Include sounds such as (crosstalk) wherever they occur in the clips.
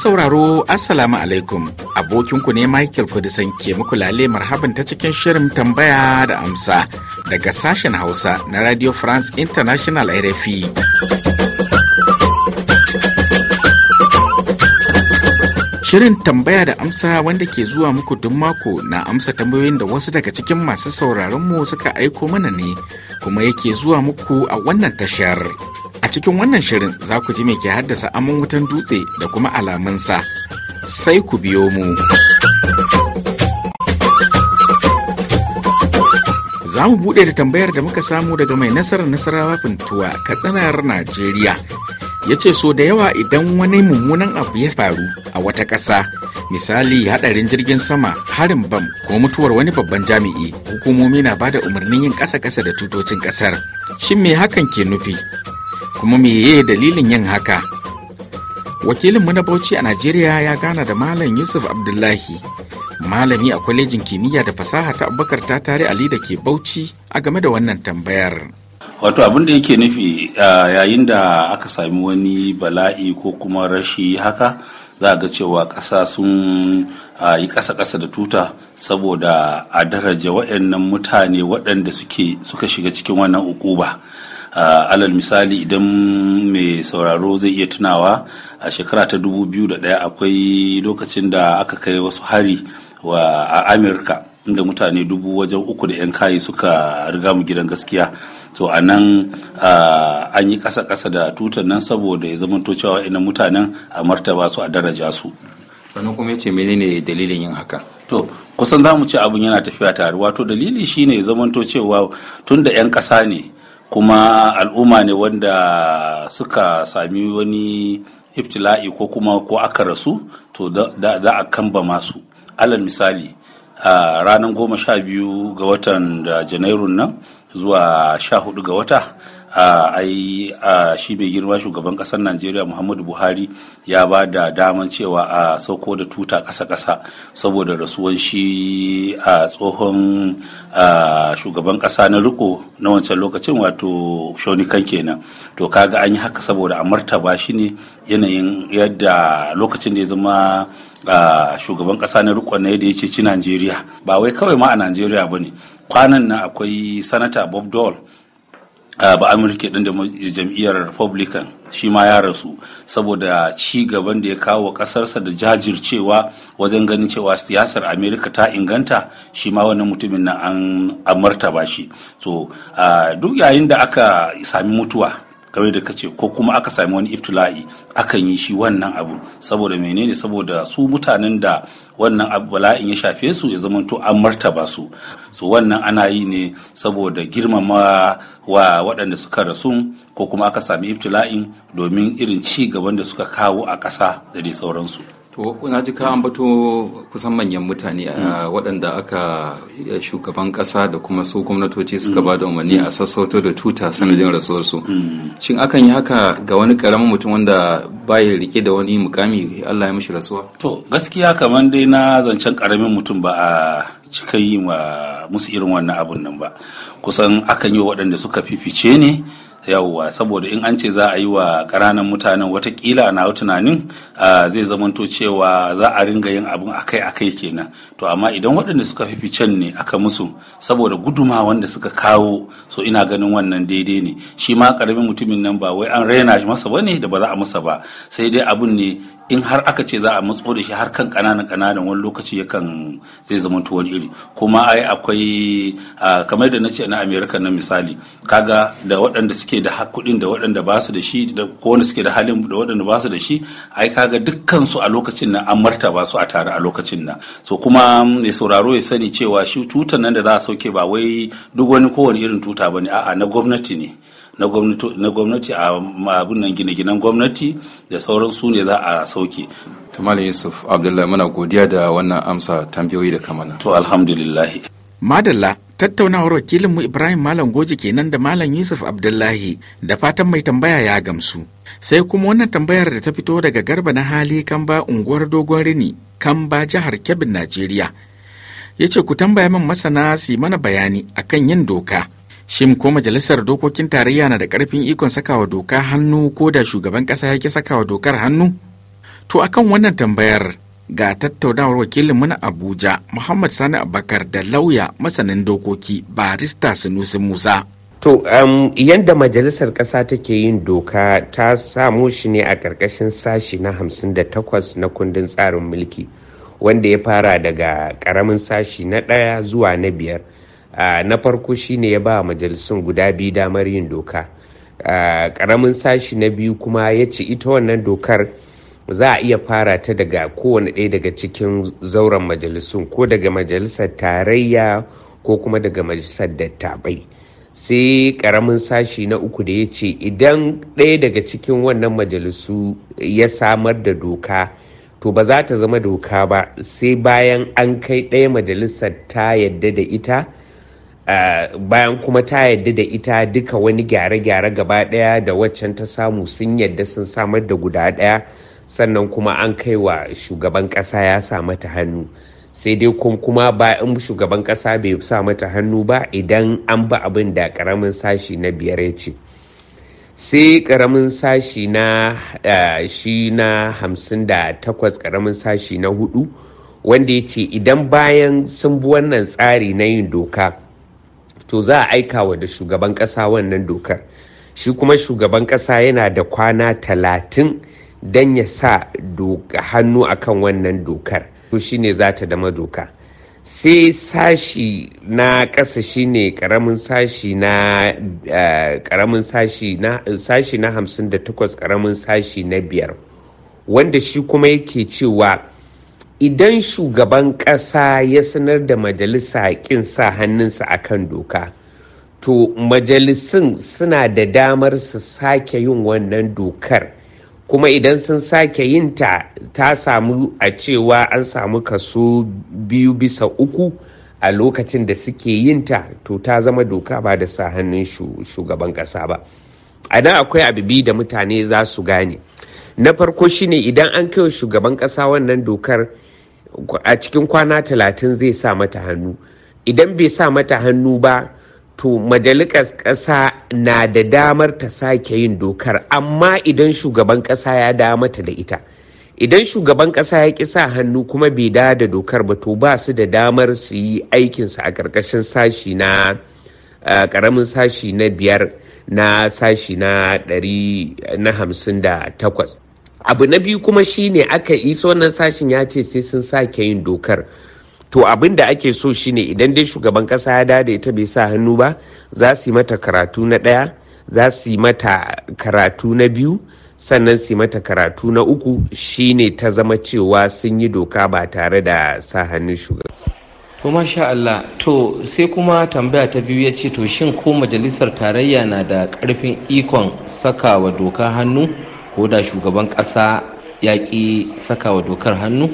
sauraro assalamu alaikum abokinku ne michael kudisan ke muku lale marhaban ta cikin shirin tambaya da amsa daga sashen hausa na radio france international rfi Shirin tambaya da amsa wanda ke zuwa muku duk mako na amsa tambayoyin da wasu daga cikin masu sauraron mu suka aiko mana ne kuma yake zuwa muku a wannan tashar. A cikin wannan shirin za ku ji me ke haddasa amon wutan dutse da kuma alamunsa. Sai ku biyo mu. Za mu buɗe da tambayar da muka samu daga mai nasarar nasarawa fintuwa Katsinar Najeriya ya ce so da yawa idan wani mummunan abu ya faru a wata ƙasa misali hadarin jirgin sama harin bam ko mutuwar wani babban jami'i hukumomi na ba da umarnin yin ƙasa-ƙasa da tutocin ƙasar shin me hakan ke nufi kuma meye dalilin yin haka wakilinmu na bauchi a najeriya ya gana da malam yusuf abdullahi malami a kwalejin kimiyya da fasaha ta abubakar ta tare ali da ke bauchi a game da wannan tambayar wato abin da yake nufi yayin da aka sami wani bala'i ko kuma rashi haka za ga cewa ƙasa sun yi ƙasa-ƙasa da tuta saboda a daraja waɗannan mutane waɗanda suka shiga cikin wannan ukuba alal misali idan mai sauraro zai iya tunawa a shekara ta 2001 akwai lokacin da aka kai wasu hari a amurka inda mutane dubu wajen uku da 'yan kayi suka riga mu gidan gaskiya to a nan an yi kasa kasa da tutar nan saboda ya zama to cewa ina mutanen a martaba su a daraja su sannan kuma yace menene dalilin yin haka to kusan za mu ce abin yana tafiya tare wato dalili shine ya zama to cewa tun da 'yan kasa ne kuma al'umma ne wanda suka sami wani iftila'i ko kuma ko aka rasu to za a kamba masu alal misali a ranar goma sha biyu ga watan da janairun nan zuwa sha hudu ga wata ai shi mai girma shugaban kasar najeriya muhammadu buhari ya ba da daman cewa a sauko da tuta kasa kasa saboda rasuwan shi a tsohon shugaban ƙasa na riko na wancan lokacin wato shaunikan kenan to kaga an yi haka saboda a martaba shi ne yanayin yadda lokacin da ya zama shugaban ƙasa na riko na da ya ci najeriya ba wai kawai ma a najeriya ba ne kwanan nan akwai sanata bob dole ba amurka ɗin da jam'iyyar republican shi ma ya rasu saboda ci gaban da ya kawo ƙasarsa da jajircewa wajen ganin cewa siyasar amerika ta inganta shi ma wani mutumin nan an martaba shi so duk yayin da aka sami mutuwa game da kace ko kuma aka sami wani iftila'i akan yi shi wannan abu saboda menene saboda su mutanen da wannan abu bala'in ya shafe su ya zama to an martaba su su wannan ana yi ne saboda girmama wa waɗanda suka rasu ko kuma aka sami iftila'in domin irin ci gaban da suka kawo a ƙasa da dai sauransu To, na ji ka an bato kusan manyan mutane mm. ah, waɗanda aka eh, shugaban ƙasa da kuma su gwamnatoci suka mm. ba da umarni a sassauto da tuta mm. sanadin rasuwarsu. Shin akan yi haka ga wani ƙaramin mutum wanda baya rike da wani mukami Allah ya mishi rasuwa? To, gaskiya kamar dai na zancen ƙaramin mutum ba a cika yi wa musu irin wannan abun nan ba. Kusan akan yi waɗanda suka fifice ne yawwa saboda in an ce za a yi wa ƙananan mutanen watakila na tunanin zai zamanto cewa za a ringa yin abin akai akai kenan to amma idan waɗanda suka fi ficen ne aka musu saboda guduma wanda suka kawo so ina ganin wannan daidai ne shi ma ƙaramin mutumin nan ba wai an raina masa ba ne da ba za a musa ba sai dai abin ne in har aka ce za a matso da shi har kan kananan kananan wani lokaci yakan zai zama wani iri kuma ai akwai kamar da na ce na america na misali kaga da waɗanda suke da kuɗin da waɗanda ba su da shi ko wanda suke da halin da waɗanda ba su da shi ai kaga dukkan su a lokacin nan an martaba su a tare a lokacin nan so kuma mm, mai sauraro ya sani cewa shi tutan nan da za a sauke ba wai duk wani kowane irin tuta bane a'a na gwamnati ne na gwamnati a abin nan gine-ginen gwamnati da sauran su ne za a sauke Malam Yusuf Abdullahi muna godiya da wannan amsa tambayoyi da kamana. To alhamdulillah. Madalla tattaunawar wakilinmu Ibrahim Malam Goji kenan da Malam Yusuf Abdullahi da fatan mai tambaya ya gamsu. Sai kuma wannan tambayar da ta fito daga garba na hali Kamba unguwar Dogon Rini, Kamba jihar Kebbi Najeriya. Ya ce ku tambaya min masana su mana bayani akan yin doka. Shin ko majalisar dokokin tarayya na da ƙarfin ikon sakawa doka hannu ko da shugaban ƙasa ya ki sakawa dokar hannu? To akan wannan tambayar ga tattaunawar wakilinmu na Abuja Muhammad Sani Abakar da lauya masanin dokoki barista Sunusi Musa. To, um, yadda majalisar ƙasa take yin doka ta samu shi ne a ƙarƙashin sashi na hamsin da takwas na kundin tsarin mulki, wanda ya fara daga ƙaramin sashi na ɗaya zuwa na biyar. na farko shine ya ba majalisun guda biyu damar yin doka ƙaramin sashi na biyu kuma ya ce ita wannan dokar za a iya fara ta daga kowane ɗaya daga cikin zauren majalisun ko daga majalisar tarayya ko kuma daga majalisar dattabai sai karamin sashi na uku da ya ce idan ɗaya daga cikin wannan majalisu ya samar da doka to ba za ta zama doka ba sai bayan an kai ɗaya majalisar ta yadda da ita bayan kuma ta yadda da ita duka wani gyare-gyare gaba daya da waccan ta samu sun yadda sun samar da guda daya sannan kuma an kai wa shugaban kasa ya sa mata hannu sai dai kuma ba in shugaban kasa bai sa mata hannu ba idan an ba abin da karamin sashi na biyar ya ce sai ƙaramin sashi na shi na hamsin da takwas ƙaramin sashi na hudu wanda ya ce idan bayan sun bi wannan tsari na yin doka to za a aika wa da shugaban ƙasa wannan dokar shi kuma shugaban ƙasa yana da kwana talatin don ya sa hannu akan wannan dokar to shine za ta dama doka sai sashi na ƙasa shine ne sashi na eh, ƙaramin sashi na sashi na 58 ƙaramin sashi na biyar wanda shi kuma yake cewa idan shugaban ƙasa ya sanar da majalisa ƙin sa hannunsa a kan doka to majalisun suna da damar su sake yin wannan dokar kuma idan sun sake yin ta ta samu a cewa an samu kaso biyu bisa uku a lokacin da suke yin ta to ta zama doka ba da sa hannun shugaban ƙasa ba a nan akwai abibi da mutane za su gane na farko shine idan an kai shugaban ƙasa wannan dokar a cikin kwana talatin zai sa mata hannu idan bai sa mata hannu ba to majalikas ƙasa na da damar ta sake yin dokar amma idan shugaban ƙasa ya da mata da ita idan shugaban ƙasa ya ƙi sa hannu kuma bai da da dokar ba to ba su da damar su yi aikinsu a ƙarƙashin sashi na ƙaramin sashi na biyar na sashi na ɗari na hamsin da takwas abu na biyu kuma shine aka iso wannan sashin ya ce sai sun sake yin dokar to abin da ake so shine idan dai shugaban kasa ya dada ita bai sa hannu ba za su yi mata karatu na ɗaya za su yi mata karatu na biyu sannan su yi mata karatu na uku shine ta zama cewa sun yi doka ba tare da sa hannun shugaban to masha Allah to sai kuma tambaya ta biyu ya ce to shin ko majalisar tarayya na da karfin ikon saka wa doka hannu ko da shugaban ƙasa ya ƙi sakawa dokar hannu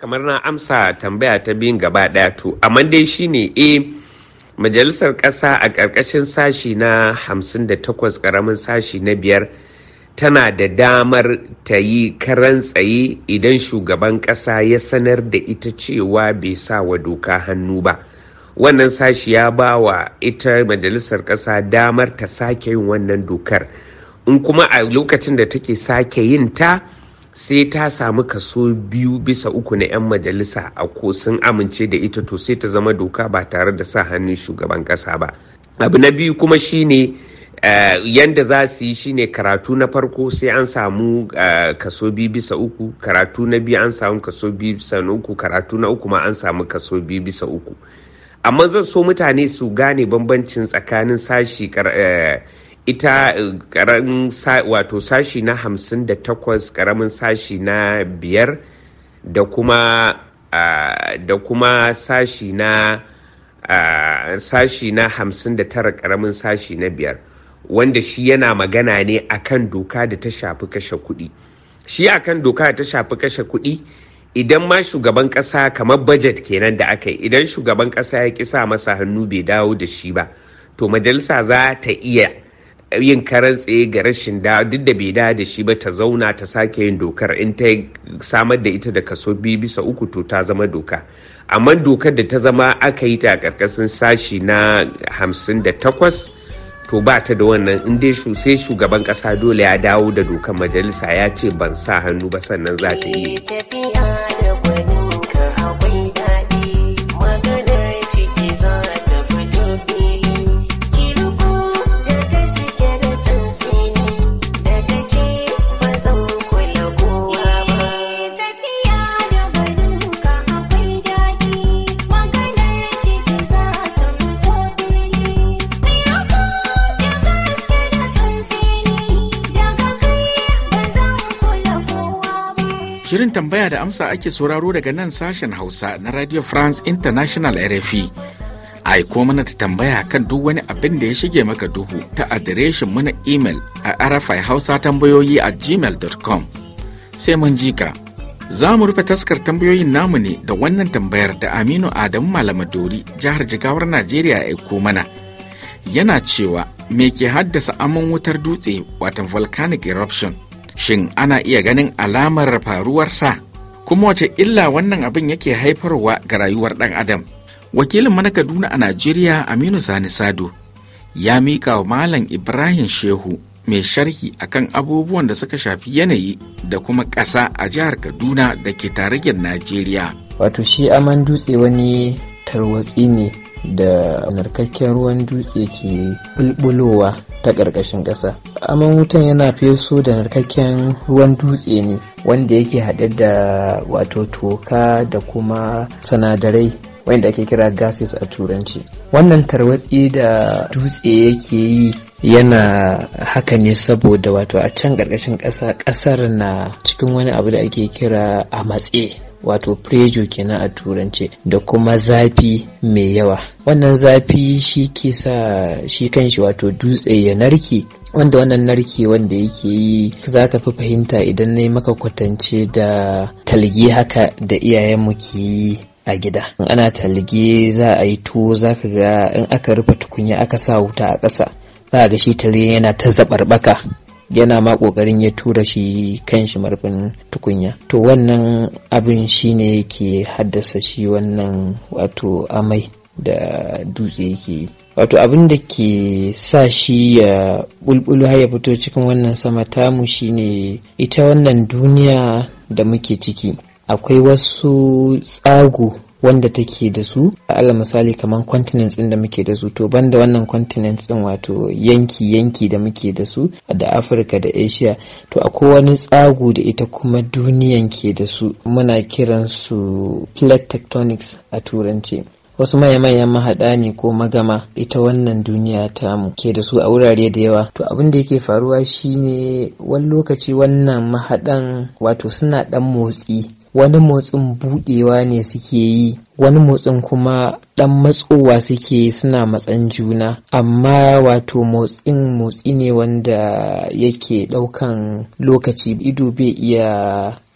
kamar na amsa tambaya ta biyun gaba ɗaya to amma dai shine eh majalisar ƙasa a ƙarƙashin sashi na 58 ƙaramin sashi na biyar tana da damar ta yi karan tsaye idan shugaban ƙasa ya sanar da ita cewa bai sa wa doka hannu ba wannan sashi ya ba wa ita majalisar ƙasa damar ta sake yin wannan dokar in kuma a lokacin da take sake yin ta sai ta samu kaso biyu bisa uku na 'yan majalisa a ko sun amince da ita to sai ta zama doka ba tare da sa hannun shugaban kasa ba abu na biyu kuma shine Uh, yanda za su yi shine karatu na farko sai an samu uh, kaso biyu bisa uku karatu na biyu an samu kaso biyu bisa uku karatu na uku ma an samu kaso biyu bisa uku amma zan so mutane su gane bambancin tsakanin sashi eh, ita eh, karan wato sashi na hamsin da takwas karamin sashi na biyar da kuma da kuma sashi na sashi na hamsin da tara karamin sashi na biyar wanda shi yana magana ne akan doka da ta shafi kashe kuɗi shi akan doka da ta shafi kashe kuɗi idan ma shugaban ƙasa kamar budget kenan da aka yi idan shugaban ƙasa ya ƙi sa masa hannu bai dawo da shi ba to majalisa za ta iya yin karan tsaye ga rashin da duk da bai da da shi ba ta zauna ta sake yin dokar in ta samar da ita da kaso biyu bisa uku to ta zama doka amma dokar da ta zama aka yi ta a karkashin sashi na hamsin da takwas to ba ta da wannan in dai sai shugaban ƙasa dole ya dawo da dokar majalisa ya ce ban sa hannu ba sannan za ta yi. Shirin tambaya da amsa ake sauraro daga nan sashen Hausa na Radio France International RFI. Aiko mana ta tambaya kan duk wani abin da ya shige maka duhu ta adireshin mu na imel a arafai hausa tambayoyi a gmail.com. Sai mun jika. Za mu rufe taskar tambayoyin namu ne da wannan tambayar da Aminu Adamu Malamadori jihar Jigawar Najeriya ya aiko mana. Yana cewa me ke haddasa aman wutar dutse watan volcanic eruption shin ana iya ganin alamar faruwarsa kuma wace illa wannan abin yake haifarwa ga rayuwar ɗan adam wakilin mana kaduna a najeriya aminu sani sado ya miƙa wa malam ibrahim shehu mai sharhi akan abubuwan da suka shafi yanayi da kuma ƙasa a jihar kaduna da ke tarayyar najeriya wato shi aman dutse wani tarwatsi ne da narkakken ruwan dutse ke bulbulowa ta ƙarƙashin ƙasa aman wutan yana feso da narkakken ruwan dutse ne wanda yake haɗe da wato toka da kuma sanadarai wanda ake kira gases a turanci wannan tarwatsi da dutse yake yi yana haka ne saboda wato a can ƙarƙashin ƙasa ƙasar na cikin wani abu da ake kira a matse wato prejo kenan a turance da kuma zafi mai yawa wannan zafi shi ke sa shi kanshi wato dutse ya narke wanda wannan narke wanda yake yi za ka fi fahimta idan na yi maka kwatance da talge haka da iyayenmu ke yi a gida in ana talge za a yi tuwo za ka ga in aka rufe tukunya aka sa wuta a ƙasa za ga shi tare yana ta zabarbaka yana ma kokarin ya tura shi kan shi marfin tukunya to wannan abin shine ke haddasa shi wannan wato amai da dutse yake yi wato abin da ke sa shi ya bulbulu har ya fito cikin wannan sama tamu shine ita wannan duniya da muke ciki akwai wasu tsago wanda take da su a alal misali kamar continents din da muke da su to banda wannan continents din wato yanki yanki da muke da su da Afirka da Asia to akwai wani tsagu da ita kuma duniyan ke da su muna kiran su plate tectonics a turanci wasu manya-manyan mahaɗa ne ko magama ita wannan duniya mu ke da su a wurare da yawa to abin da yake faruwa shine wani lokaci wannan mahaɗan wato suna ɗan motsi wani motsin buɗewa ne suke yi wani motsin kuma ɗan matsowa suke yi suna matsan juna amma wato motsin motsi ne wanda yake ɗaukan lokaci ido bai iya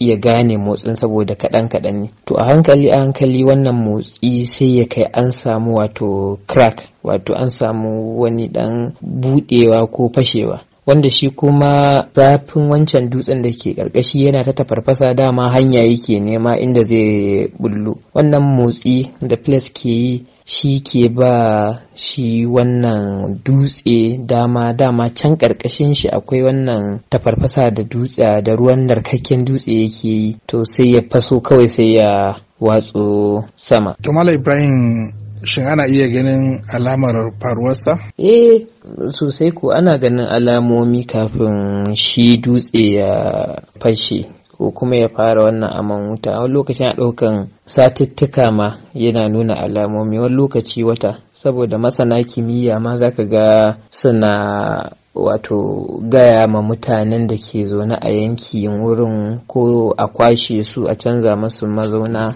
iya gane motsin saboda kaɗan kaɗan ne to a hankali a hankali wannan motsi sai ya kai an samu wato crack wato an samu wani ɗan buɗewa ko fashewa wanda shi kuma zafin wancan dutsen da ke karkashi yana ta tafarfasa dama hanya yake nema inda zai bullo wannan motsi da plus ke yi shi ke ba shi wannan dutse dama dama can karkashin shi akwai wannan tafarfasa da dutse da ruwan narkakken dutse yake yi to sai ya faso kawai sai ya watso sama. Tumala Ibrahim shin ana iya ganin alamar faruwarsa? eh sosai ko ana ganin alamomi kafin shi dutse ya fashe ko kuma ya fara wannan aman wuta wani lokaci na ɗaukan satuttuka ma yana nuna alamomi wani lokaci wata saboda masana kimiyya ma zaka ga suna wato gaya ma mutanen da ke zaune a yankin wurin ko a kwashe su a canza masu mazauna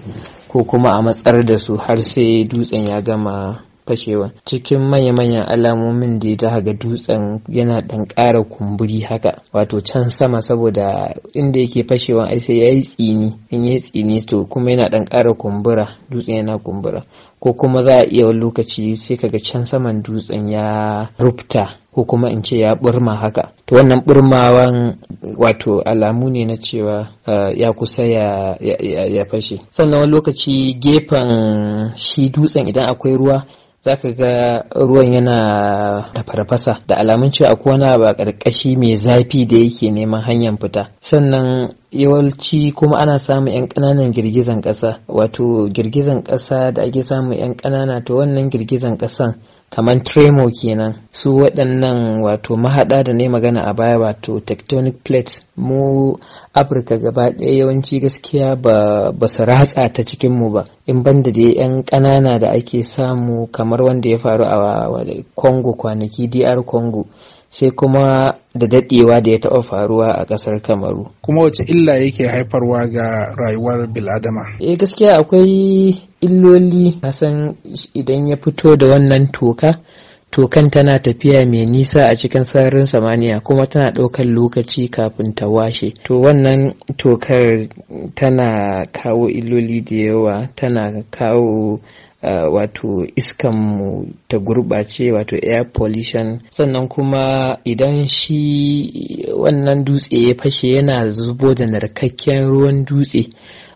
ko kuma a matsar da su har sai dutsen ya gama fashewa cikin manya-manyan alamomin da ta ga dutsen yana ɗan ƙara kumburi haka wato can sama saboda inda yake fashewa ai sai ya yi tsini in ya yi tsini to kuma yana ɗan ƙara kumbura dutsen yana kumbura ko kuma za a iya wani lokaci sai kaga can saman dutsen ya rufta ko kuma in ce ya burma haka to wannan burmawan wato alamu ne na cewa eh, ya kusa ya, fashe sannan wani lokaci gefen shi dutsen idan akwai ruwa za ka ga ruwan yana tafarfasa da alamun cewa akwai wani ba ƙarƙashi mai zafi da yake neman hanyar fita sannan yawanci kuma ana samun 'yan ƙananan girgizan ƙasa wato girgizan ƙasa da ake samun 'yan ƙanana to wannan girgizan ƙasan kamar tremor kenan su waɗannan wato mahaɗa da ne magana a baya wato tectonic plate mu afirka gaba ɗaya yawanci gaskiya ba, ba su ratsa ta cikin mu ba in banda da yan ƙanana da ake samu kamar wanda ya faru a congo kwanaki dr congo sai kuma da daɗewa da ya taɓa faruwa a ƙasar kamaru kuma wace illa yake haifarwa ga rayuwar biladama eh gaskiya akwai illoli hasan idan ya fito da wannan toka tokan tana tafiya mai nisa a cikin sararin samaniya kuma tana ɗaukar lokaci kafin ta washe to wannan tokar tana kawo illoli da yawa tana kawo Uh, wato iskanmu ta gurɓace wato air pollution sannan kuma idan shi wannan dutse ya fashe yana zubo da narkakken ruwan dutse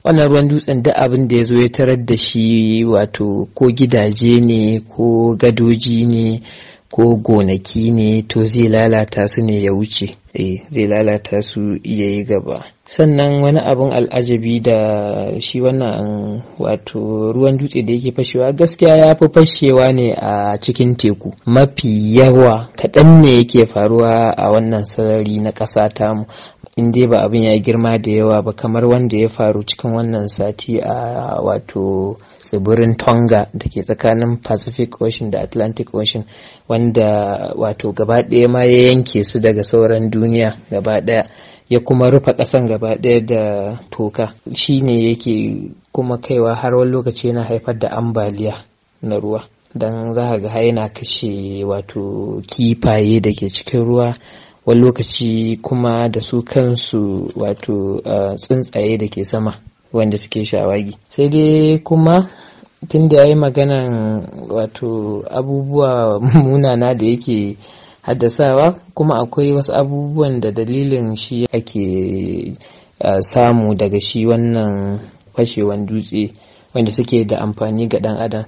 wannan ruwan dutsen da abin da ya zo ya tarar da shi wato ko gidaje ne ko gadoji ne ko gonaki ne to zai lalata su ne ya wuce eh, zai lalata su ya yi gaba sannan wani abin al'ajabi da shi wannan wato ruwan dutse da yake fashewa gaskiya ya fi fashewa ne a cikin teku mafi yawa kaɗan ne yake faruwa a wannan sarari na ƙasa tamu in dai ba abin ya girma da yawa ba kamar wanda ya faru cikin wannan sati a wato tsibirin tonga da ke tsakanin pacific ocean da atlantic ocean wanda wato gaba ɗaya ma ya yanke su daga sauran duniya gaba ɗaya ya kuma rufe ƙasan gaba ɗaya da toka shi ne yake kuma kaiwa har wani lokaci yana haifar da ambaliya na ruwa don za ga yana kashe wato kifaye da ke cikin ruwa wani lokaci kuma da su kansu wato tsuntsaye da ke sama wanda suke shawagi sai dai kuma tun da ya yi maganan wato abubuwa (laughs) munana da yake haddasawa kuma akwai wasu abubuwan da dalilin shi ake samu daga shi wannan fashewan dutse wanda suke da amfani ga dan adam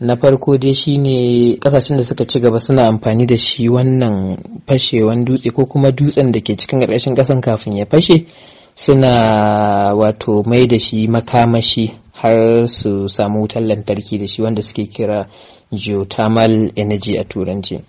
na farko dai shine kasashen da suka ci gaba suna amfani da shi wannan fashewan dutse ko kuma dutsen da ke cikin ƙarƙashin ƙasan kafin ya fashe suna wato mai da shi makamashi har su samu wutar lantarki da shi wanda suke kira geothermal energy a turanci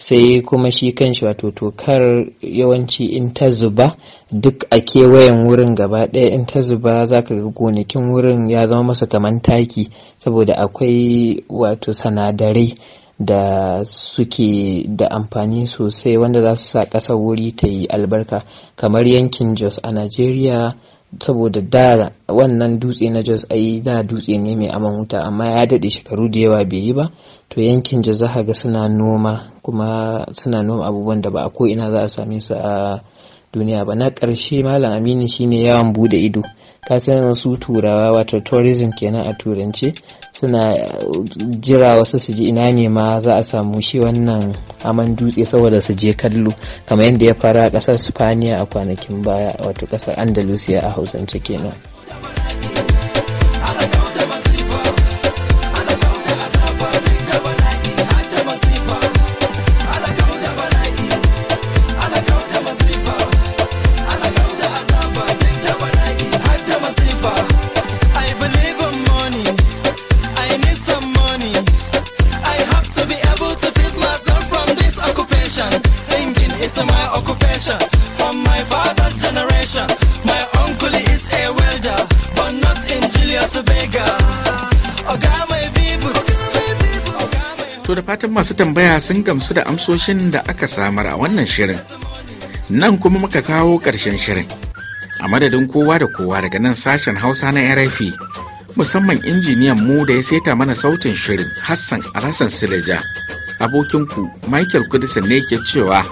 sai kuma shi kanshi wato tokar yawanci in ta zuba duk a kewayen wurin gaba ɗaya in ta zuba za ka ga gonakin wurin ya zama masa kaman taki saboda akwai wato sanadarai da suke da amfani sosai wanda za su sa ƙasa wuri ta yi albarka kamar yankin jos a najeriya saboda da wannan dutse na jos ai da dutse ne mai aman wuta amma ya daɗe shekaru da yawa bai yi ba to yankin jos za ga suna noma kuma suna noma abubuwan da ba a ko ina za a same su a duniya ba na karshe malam aminu shine yawan bude ido ka san su turawa wato tourism kenan a turance suna uh, jira wasu su ji ina ne ma za a samu shi wannan aman dutse saboda su je kallo kamar yadda ya fara a ƙasar spaniya a kwanakin baya wato ƙasar andalusiya a hausance kenan fatan masu tambaya sun gamsu da amsoshin da aka samar a wannan shirin. Nan kuma muka kawo ƙarshen shirin. A madadin kowa da kowa daga nan sashen Hausa na RFI, musamman injiniyan mu da ya saita mana sautin shirin Hassan Alhassan Sileja. Abokinku Michael Kudisin ne ke cewa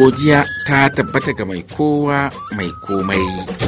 godiya ta tabbata ga mai kowa mai komai.